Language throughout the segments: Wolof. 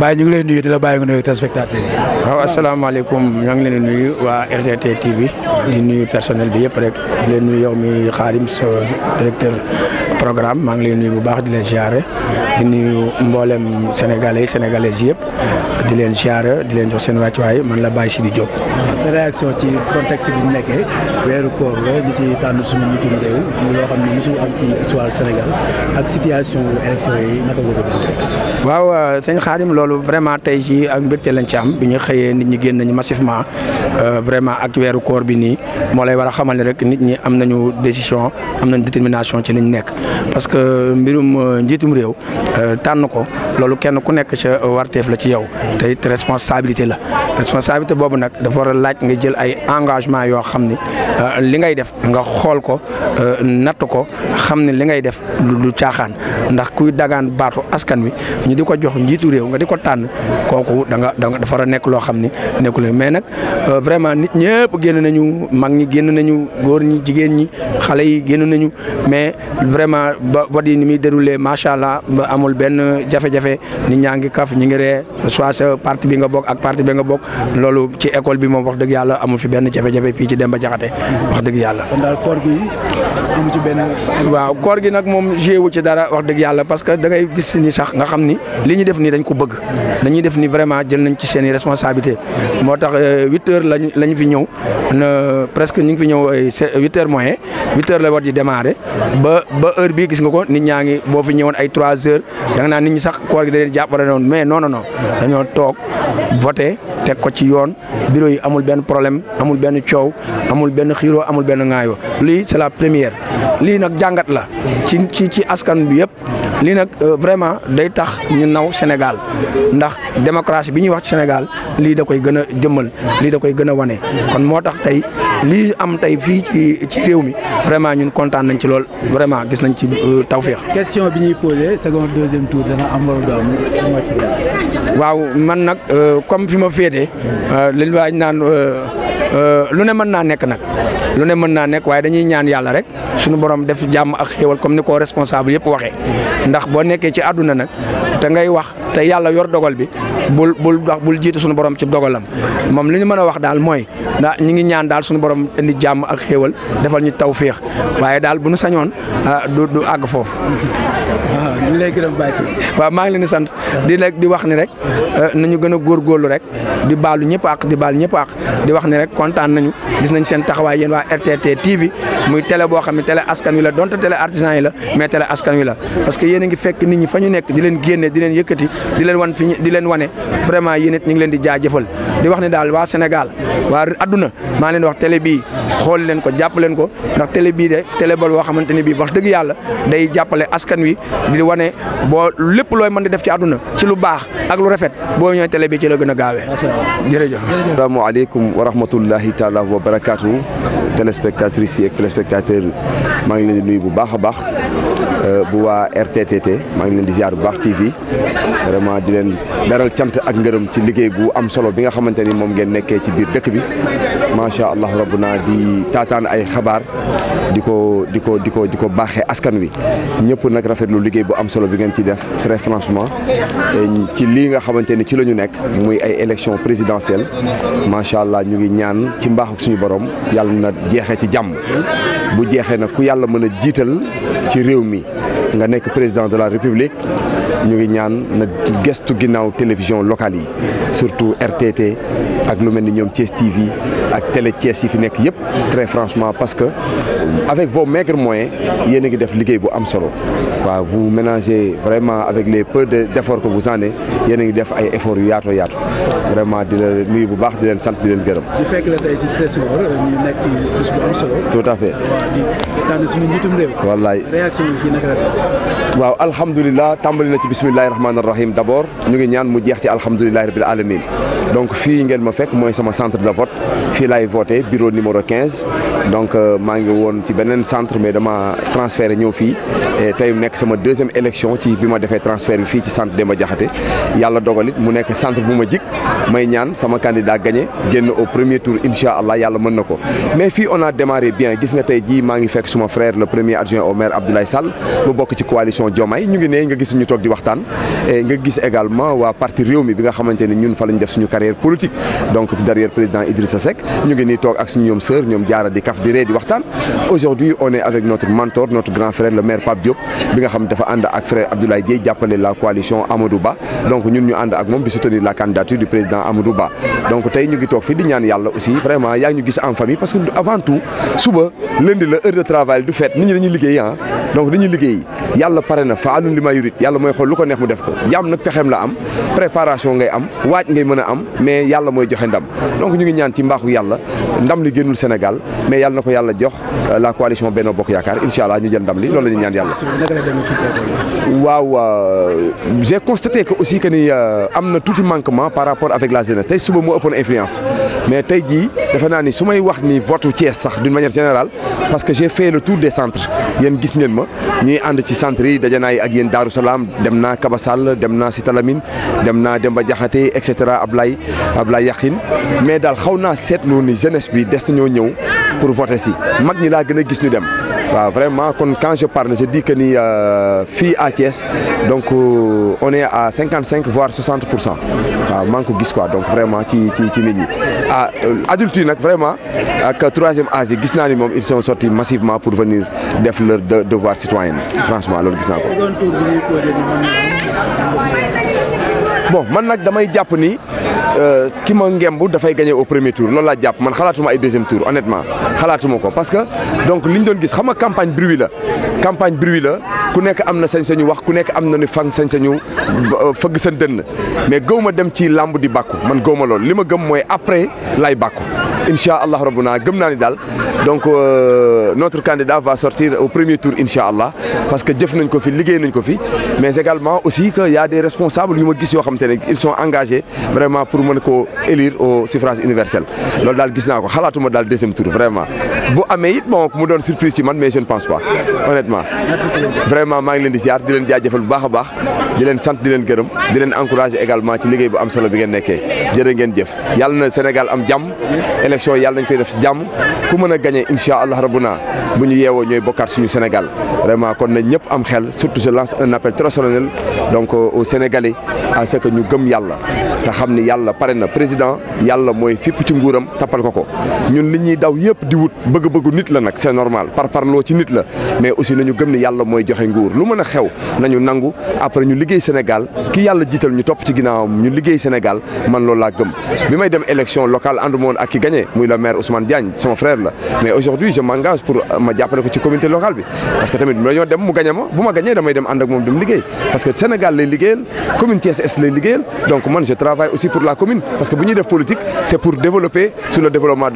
Baye ñu ngi lay nuyu di la bàyyi nga nuyu téléspectateurs yi. waaw asalaamaaleykum ñoo ngi leen di nuyu waa RTT TV di nuyu personnel bi yëpp rek di leen nuyu yow mi Xaadim sa directeur programme maa ngi lay nuyu bu baax di leen ziare di nuy mboolem sénégalais sénégalaises yëpp di leen ziare di leen jox seen wàccuwaay man la Baye Sidi Diop. sa réaction ci contexte bi mu nekkee weeru koor la ñu ci tànn suñu njiitu réew loo xam ne mosul am ci histoire Sénégal ak situation élection waaw euh, sëñ Xaadim loolu vraiment tey jii ak mbégte lañ ci am bi ñu xëyee nit ñi génn nañu massivement euh, vraiment ak weeru koor bi nii moo lay war a xamal ne rek nit ñi am nañu décision am nañu détermination ci liñ nekk parce que euh, mbirum njiitum réew tànn ko loolu kenn ku nekk ca warteef la ci yow te it responsabilité la responsabilité boobu nag dafa war a laaj nga jël ay engagement yoo xam ni li ngay def nga xool ko natt ko xam ne li ngay def du caaxaan ndax kuy dagaan baatu askan wi di ko jox njiitu réew nga di ko tànn kooku da nga da nga dafa war a nekk loo xam ni nekkul mais nag euh, vraiment nit ñëpp génn nañu mag ñi génn nañu góor ñi jigéen ñi xale yi génn nañu mais vraiment ba vote yi ni muy déroulé macha allah ba amul benn jafe-jafe nit ñaa ngi kaf ñi ngi soit sa parti bi nga bokk ak parti bi nga bokk loolu ci école bi moom wax dëgg yàlla amul fi benn jafe-jafe fii ci Demba Jaxate wax dëgg yàlla. kon daal koor koor gi nag moom jéewu ci dara wax dëgg yàlla parce que da ngay gis ni sax nga xam ni lii ñu def nii dañ ko bëgg dañuy def ni vraiment jël nañ ci seeni i responsabilité moo tax euh, huit heures lañ lañ fi ñëw na presque ñu ngi fi ñëw huit heures moyen huit heures la war di démarrer ba ba heure bii gis nga ko nit ñaa ngi boo fi ñëwoon ay trois heures da nga ni ñu sax koor gi da leen jàppale noonu mais non non dañoo toog voté teg ko ci yoon bureau yi amul benn problème amul benn coow amul benn xiiro amul benn ŋaayoo lii c'est la première lii nag jàngat la ci askan bi yëpp lii nag euh, vraiment day tax ñu naw Sénégal ndax démocratie bi ñuy wax ci Sénégal lii da koy gën a jëmmal lii da koy gën a wane kon moo tax tey lii am tey fii ci ci réew mi vraiment ñun kontaan nañ ci lool vraiment gis nañ ci euh, tawféex. question bi ñuy posé second deuxième tour dana am wala du am waaw man nag euh, comme fi ma féete li waaj naan lu ne mën naa nekk nag lu ne mën naa nekk waaye dañuy ñaan yàlla rek suñu borom def jàmm ak xéewal comme ni ko responsable yëpp waxee. ndax boo nekkee ci àdduna nag te ngay wax te yàlla yor dogal bi bul bul wax bul suñu borom ci dogalam moom li ñu mën a wax daal mooy daa ñu ngi ñaan daal suñu borom indi jàmm ak xéewal defal ñu taw féex waaye daal bu nu sañoon ah, du du àgg foofu. Ah, ñu lay gërëm waaw maa ngi leen di sant di leen di wax ni rek ah, nañu gën a góorgóorlu rek di baalu ñëpp ak di baalu ñëpp ak di wax ni rek kontaan nañu gis nañ seen taxawaay yéen waa RTT TV muy télé boo xam ne tele askan wi la donte télé artisan yi la mais télé askan wi la parce que yéen ngi fekk nit ñi fa ñu nekk di leen génne di leen yëkkati di leen wan fi di wane vraiment yéen it ñu ngi leen di jaajëfal di wax ne daal waa Sénégal waa adduna maa leen wax télé bii xool leen ko jàpp ko télé bii de télé boo xamante ne bii wax dëgg yàlla day jàppale askan wi di wane boo lépp looy mën di def ci adduna ci lu baax ak lu rafet boo ñëwee télé bi ci la gën a gaawee jërëjëf asalaamaaleykum wa rahmatullahi taala wa barakatuh téléspectatrices yi ak téléspectateurs maa ngi leen di nuyu bu baax a baax Euh, bu waa RTTT maa ngi leen di ziar bu baax TV vraiment di leen beral cant ak ngërëm ci liggéey bu am solo bi nga xamante ni moom ngeen nekkee ci biir dëkk bi macha allah rabbuna di taataan ay xabaar di ko di ko di ko di ko baaxee askan wi ñëpp nag rafetlu liggéey bu am solo bi ngeen ci def très franchement ci lii nga xamante ni ci la ñu nekk muy ay élection présidentielle macha allah ñu ngi ñaan ci mbaaxu suñu borom yàlla na jeexee ci jàmm bu jeexee nag ku yàlla mën a jiital ci réew mi nga nekk président de la république ñu ngi ñaan na gestu ginnaaw télévision locale yi surtout RTT ak lu mel ni ñoom Thiès TV ak télé Thiès yi fi nekk yëpp très franchement parce que avec vos maigres moyens yéen a ngi def liggéey bu am solo waaw vous ménager vraiment avec les peu d'efforts que vous en avez yéen a ngi def ay efforts yu yaatoo yaatu vraiment di la nuyu bu baax di leen sant di leen gërëm. di fekk euh, à fait. waaw alhamdulilah tàmbali na ci bisimilahi rahmaani rahim d' abord ñu ngi ñaan mu jeex ci alhamdulilahi rabil alamin donc fii ngeen ma fekk mooy sama centre de vote fii laay voté bureau numéro 15 donc euh, maa ngi woon ci beneen centre mais dama transféré ñëw fii tey nekk sama deuxième élection ci bi ma defee transfert bi fii ci centre Demba Diakhaté yàlla dogal it mu nekk centre bu ma jik may ñaan sama candidat gagné génn au premier tour incha allah yàlla mën na ko mais fii on a démarré bien jii maa ngi fekk suma frère le premier adjoint au maire Abdoulaye Sall bokk ci coalition Diomaye ñu ngi ne nga gis ñu toog di waxtaan nga gis également waa parti réew mi bi nga xamante ne ñun fa lañ def suñu carrière politique donc derrière président Idrissa Seck ñu ngi nii toog ak suñu ñoom sœur ñoom jaara di kaf di ree di waxtaan aujourd'hui on est avec notre mentor notre grand frère le maire Pape Diop bi nga xam dafa ànd ak frère Abdoulaye Dièye jàppale la coalition Amadou Ba donc ñun ñu ànd ak moom di soutenir la candidature du président Amadou Ba donc tey ñu ngi toog fii di ñaan yàlla aussi vraiment yaa ñu gis en famille liggéey ah. yàlla pare na faalun li ma yurit yàlla mooy xool lu ko neex mu def ko jaam nag pexeem la am préparation ngay am waaj ngay mën a am mais yàlla mooy joxe ndam donc ñu ngi ñaan ci mbaaxu yàlla ndam li génnul Sénégal mais yàlla na ko yàlla jox euh, la coalition Benno Bokk Yaakaar incha allah ñu jël ndam li loolu la ñu ñaan yàlla. waaw euh, j'ai constaté que aussi que ni euh, am na tuuti manquement par rapport avec la jeunesse tey suba moo ëppoon influence mais tey ji defe naa ni su may wax ni vote Thiès sax d'une manière générale parce que j'ai des centres yéen gis ngeen ma ci centre yi daje naa ak yéen Darou Salaam dem naa Kaba Sall dem naa si talamine dem naa Demba Diakhaté et cetera Ablaye Ablaye Yakhine mais daal xaw naa seetlu ni jeunesse bi des nañoo ñëw pour voter si mag ñi laa gën a gis ñu dem. waaw vraiment kon quand je parle je dis que ni euh, fii à donc euh, on est à cinquante cinq voire soixante pour cent waaw maa ngi ko gis quoi donc vraiment ci ci ci nit ñi ah euh, adultes yi nag vraiment ak troisième âge yi gis naa ni moom ils sont sortis massivement pour venir def leur devoir citoyen franchement loolu gis naa ko. bon man nag damay jàpp ni euh, ki ma ngemb dafay gagné au premier tour loolu laa jàpp man xalaatuma ay deuxième tour honnêtement xalaatuma ko parce que donc liñ doon gis xama nga campagne bruit la campagne bruit la. ku nekk am na sañ-sañu wax ku nekk am na ni fan sañ-sañu euh, fëgg sa dënn mais gëw ma dem ci làmb di bàkku man gëw ma lool li ma gëm mooy après lay bàkku incha allah naa gëm naa ni daal donc euh, notre candidat va sortir au premier tour incha allah parce que jëf nañ ko fi liggéey nañ ko fi mais également aussi que y a des responsables yu ma gis yoo xam te ne ils sont engagés vraiment pour mën koo élire au suffrage universel loolu daal gis naa ko xalaatuma daal deuxième tour vraiment bu amee it bon mu doon surprise ci man mais je ne pense vraiment maa ngi leen di ziar di bu baax a baax di leen sant di leen gërëm di leen encouragé également ci liggéey bu am solo bi ngeen nekkee jërë ngeen jëf yàlla na Sénégal am jàmm élection yàlla nañ koy def ci jàmm ku mën a gagné incha allah rabbuna bu ñu yeewoo ñooy bokkaat suñu Sénégal vraiment kon na ñëpp am xel surtout je lance un appel très solennel donc euh, aux Sénégalais à ñu gëm yàlla te xam ni yàlla pare na président yàlla mooy fipp ci nguuram tappal nguur lu mën a xew nañu nangu après ñu liggéey Sénégal ki yàlla jiital ñu topp ci ginnaawam ñu liggéey Sénégal man loolu gëm bi may dem élection locale ànduma woon ak ki gagné muy le maire Ousmane Diagne sama frère la mais aujourd'hui je m'engage pour ma ma bu ma gagné dem ànd ak moom dem liggéey parce que Sénégal lay liggéeyal commune Thiès Est lay liggéeyal donc man je travaille aussi pour la commune parce que bu ñuy def politique c'est pour développer sur le développement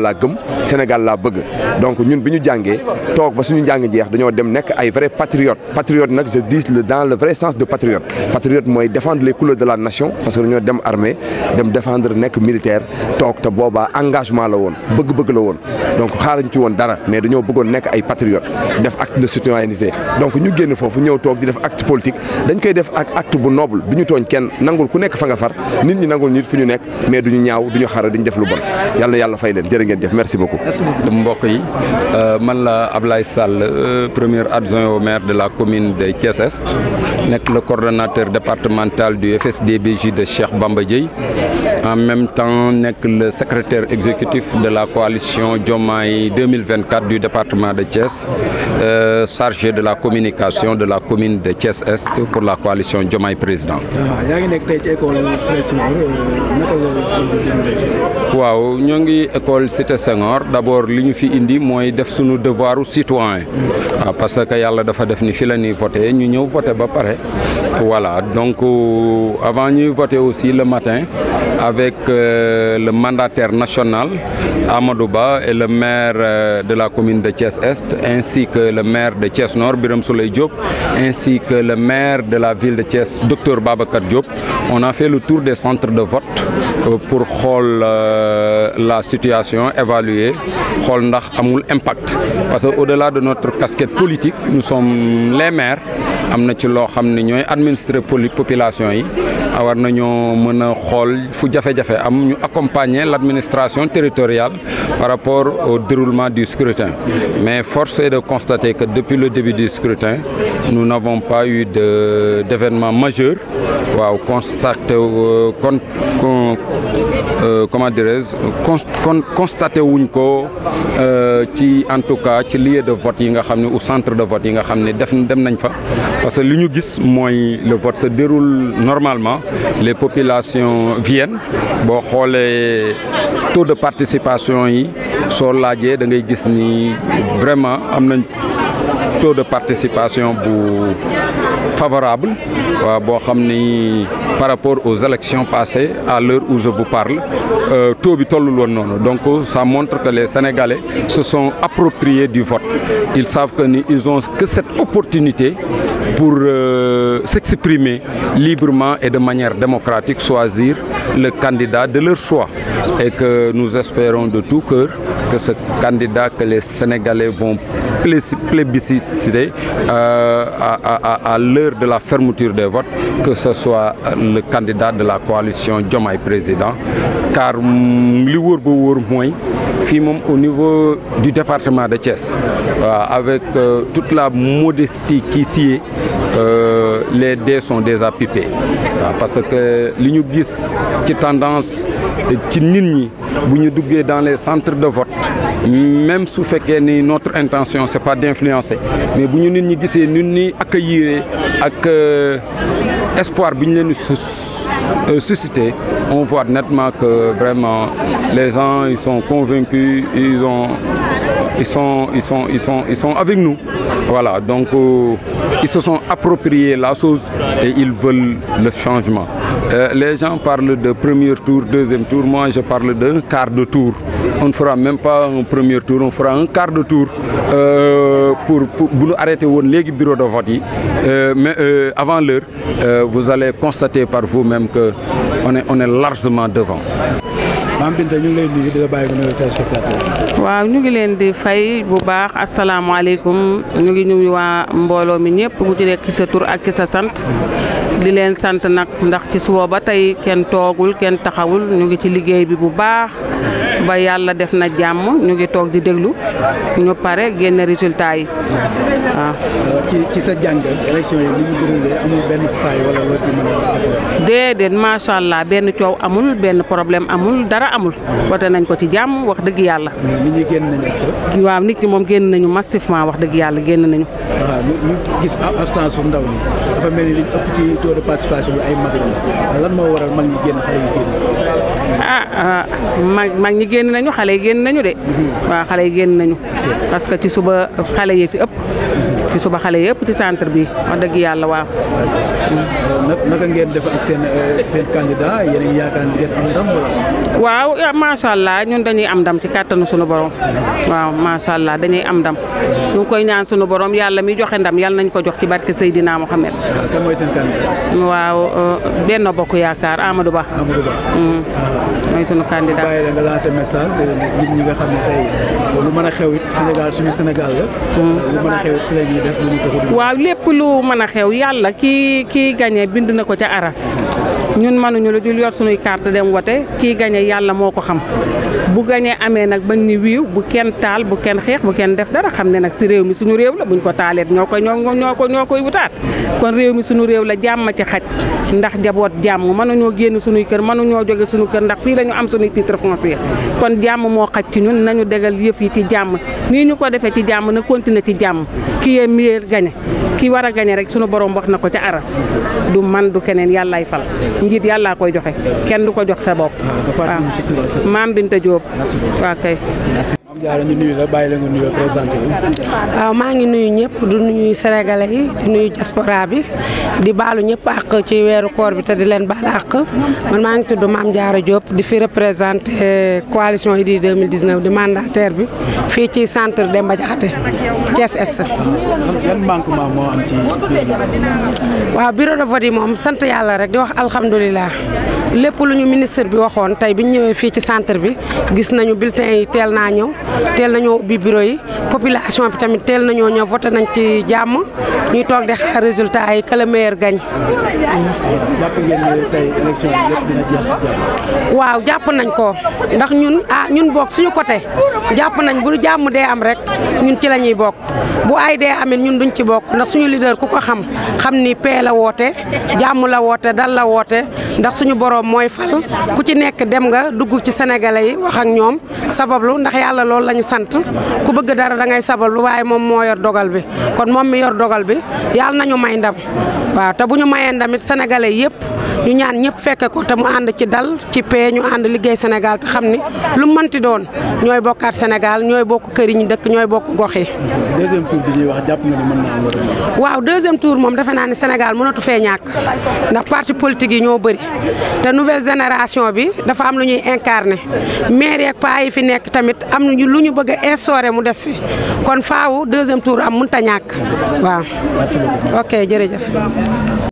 Sénégal laa gëm Sénégal laa bëgg donc ñun bi ñu jàngee toog ba suñu njàng jeex dañoo dem nekk ay vrai patriote patriote nag je dis dans le vrai sens de patriote patriote mooy défendre les couleurs de la nation parce que dañoo dem armée dem défendre nekk militaire toog te boobaa engagement la woon bëgg-bëgg la woon donc xaaruñ ci woon dara mais dañoo bëggoon nekk ay patriote def acte de citoyenneté donc ñu génn foofu ñëw toog di def acte politique dañ koy def ak acte bu noble du nga far nit ñi nangul nit fu ñu nekk mais ngeen jëf merci beaucoup. mbokk yi euh, man la Ablaye Sall euh, premier adjoint au maire de la commune de Thiès Est nekk le coordonnateur départemental du FSDBJ de Cheikh Bamba Dièye en même temps nekk le secrétaire exécutif de la coalition Diomaye 2024 du département de Thiès euh, chargé de la communication de la commune de Thiès Est pour la coalition Diomaye président. Ah, waaw ñoo ngi école cité Senghor d' abord li ñu fi indi mooy def suñu devoiru citoyen waaw ah, parce que yàlla dafa def ni fi la ñuy voté ñu ñëw voté ba pare voilà donc euh, avant ñuy voté aussi le matin avec euh, le mandataire national Amadou Ba et le maire euh, de la commune de Thiès Est ainsi que le maire de Thiès Nord Birame Souleye Diop ainsi que le maire de la ville de Thiès docteur Babacar Diop on a fait le tour des centres de vote pour xool euh, la situation évaluer xool ndax amul impact parce que au-delà de notre casquette politique nous sommes les maires am na ci loo xam ne ñooy administrer population yi war nañoo mën a xool fu jafe-jafe am ñu accompagner l'administration territoriale par rapport au déroulement du scrutin mais force est de constater que depuis le début du scrutin nous n'avons pas eu de d'événements majeurs waaw constaté euh, Euh, comment dirais-je con constaté wuñ ko euh, ci en tout cas ci lieu de vote yi nga xam ne ou centre de vote yi nga xam ne def dem nañ fa parce que lu ñu gis mooy le vote se déroule normalement les population viennent boo xoolee taux de participation yi soo laajee da ngay gis ni vraiment am nañ taux de participation bu favorable waaw boo xam ni par rapport aux élections passées à l'heure où je vous parle euh, taux bi tollul woon noonu donc ça montre que les Sénégalais se sont appropriés du vote ils savent que cette opportunité pour euh, euh, s'exprimer librement et de manière démocratique, choisir le candidat de leur choix. Et que nous espérons de tout cœur que ce candidat que les Sénégalais vont plébisciter euh, à, l'heure de la fermeture des votes, que ce soit le candidat de la coalition Diomaye Président, car mm, li wóor ba wóor mooy fii moom au niveau du département de Thiès, euh, avec euh, toute la modestie qui s'y les dés sont déjà pipés waaw parce que li ñu gis ci tendance ci nit ñi bu ñu duggee dans les centres de vote même su fekkee ni notre intention c'est pas d'influencer mais bu ñu nit ñi gisee nit ñi accueillir ak euh, espoir bi ñu leen euh, suscité on voit nettement que vraiment les gens ils sont convaincus ils ont ils sont, ils sont, ils sont, ils sont avec nous. Voilà, donc euh, ils se sont appropriés la chose et ils veulent le changement. Euh, les gens parlent de premier tour, deuxième tour, moi je parle d'un quart de tour. On ne fera même pas un premier tour, on fera un quart de tour euh, pour, pour, pour nous arrêter au bureau de vote. Euh, mais euh, avant l'heure, euh, vous allez constater par vous-même que on est, on est largement devant. maam Binta ñu ngi lay waaw ñu ngi leen di fay bu baax asalaamaaleykum ñu ngi nuyu waa mbooloo mi ñëpp ku ci nekk sa tur ak ki sa sant di leen sant nag ndax ci suba ba tey kenn toogul kenn taxawul ñu ngi ci liggéey bi bu baax ba yàlla def na jàmm ñu ngi toog di déglu ñu pare génn résultat yi waaw. Euh, ci sa jàng élection yi ni mu déroulé amul benn faay wala loo ci mën a déedéet macha benn coow amul benn problème amul dara amul. wote nañ ko ci jàmm wax dëgg yàlla. nit ñi génn nañu est waaw nit ñi moom génn nañu massivement wax dëgg yàlla génn nañu. waaw ah, ñu gis absence su ndaw ñi dafa mel ni li ëpp ci taux participation bi ay mag lañu lan moo waral mag ñi génn xale Ah, ah mag mag ñi génn nañu xale yi génn nañu de waaw xale yi génn nañu parce que ci suba xale yi fi ëpp ci suba xale yi ëpp ci centre bi wax dëgg yàlla waaw Euh, naka ngeen def ak seen euh, seen candidat yaakaar ni am ndam waaw macha allah ñun dañuy am ndam ci kàttanu suñu borom waaw macha allah dañuy am ndam mu ngi koy ñaan sunu borom yàlla muy joxe ndam yàlla nañ ko jox ci barke Seydina Mohamed. waaw ah, kan mooy seen candidat. waaw euh, benn bokk yaakaar Amadou Ba. Amadou Ba. Mm. Ah. mooy sunu candidat. bàyyi la nga message xam ne tey lu mën a xew it Sénégal suñu Sénégal mm. lu mën a xew it fii la ñuy des lu mu waaw lépp lu mën a xew yàlla ki kii gañe bind na ko ca aras ñun mënuñu la jul yor sunuy carte dem wote kii gañe yàlla moo ko xam bu gañe amee nag bañ ni wiiw bu kenn taal bu kenn xeex bu kenn def dara xam ne nag si réew mi suñu réew la buñ ko taaleet ñoo koy ñoo ñoo ko ñoo koy wutaat kon réew mi suñu réew la jàmm ci xaj ndax jaboot jàmm mënuñoo génn sunuy kër mënuñoo joge suñu kër ndax fii la am sunuy titre foncier kon jàmm moo xaj ci ñun nañu degal yëf yi ci jàmm nii ñu ko defee ci jàmm na continuer ci jàmm ki ki war a gañe borom wax na ko ca aras du man du keneen yàllaay fal njiit yàllaa koy joxe kenn du ko jox sa bopp ah, waaw maam Binta Diop waaw kay jaara ñu nuyu la bàyyi la nga nuyoo présenté waaw maa ngi nuyu ñëpp du nuyu sénégalais yi di nuyu diaspora bi di baalu ñëpp àq ci weeru koor bi te di leen baal àq man maa ngi tudd Mame Diarra Diop di fi représenté coalition Idy 2019 di mandataire bi fii ci centre Demba Diakhaté Thiès Est. yan manquement moo am ci bureau de vote yi. waaw bureau de vote yi moom sant yàlla rek di wax alhamdulilah. lépp lu ñu ministre bi waxoon tey bi ñu ñëwee fii ci centre bi gis nañu bulletins yi teel naa ñëw teel nañoo ubbi bureau yi population bi tamit teel nañoo ñëw voté nañ ci jàmm ñuy toog di xaar résultat yi que le meilleur jàpp waaw jàpp nañ ko ndax ñun ah ñun boog suñu côté jàpp nañ bu jàmm dee am rek. ñun ci la ñuy bokk bu ay dee amit ñun duñ ci bokk ndax suñu leader ku ko xam xam ni paix la woote jàmm la woote dal la woote ndax suñu boroom mooy fal ku ci nekk dem nga dugg ci sénégalais yi wax ak ñoom sabablu ndax yàlla loolu lañu sant ku bëgg dara da ngay sabablu waaye moom moo yor dogal bi kon moom mi yor dogal bi yàlla nañu may ndam waaw te bu ñu mayee ndamit sénégalais yëpp ñu ñaan ñëpp fekke ko te mu ànd ci dal ci paix ñu ànd liggéey Sénégal te xam ni lu mënti doon ñooy bokkaat Sénégal ñooy bokk kër yi ñu dëkk ñooy bokk gox yi. waaw deuxième tour moom defe naa ni Sénégal mënatu fee ñàkk ndax parti politique yi ñoo bëri te nouvelle génération bi dafa am lu ñuy incarné maire yeeg paa yi fi nekk tamit am nañu lu ñu bëgg a instauré mu des fi kon faaw deuxième tour am mun ta ñàkk waaw. ok jërëjëf.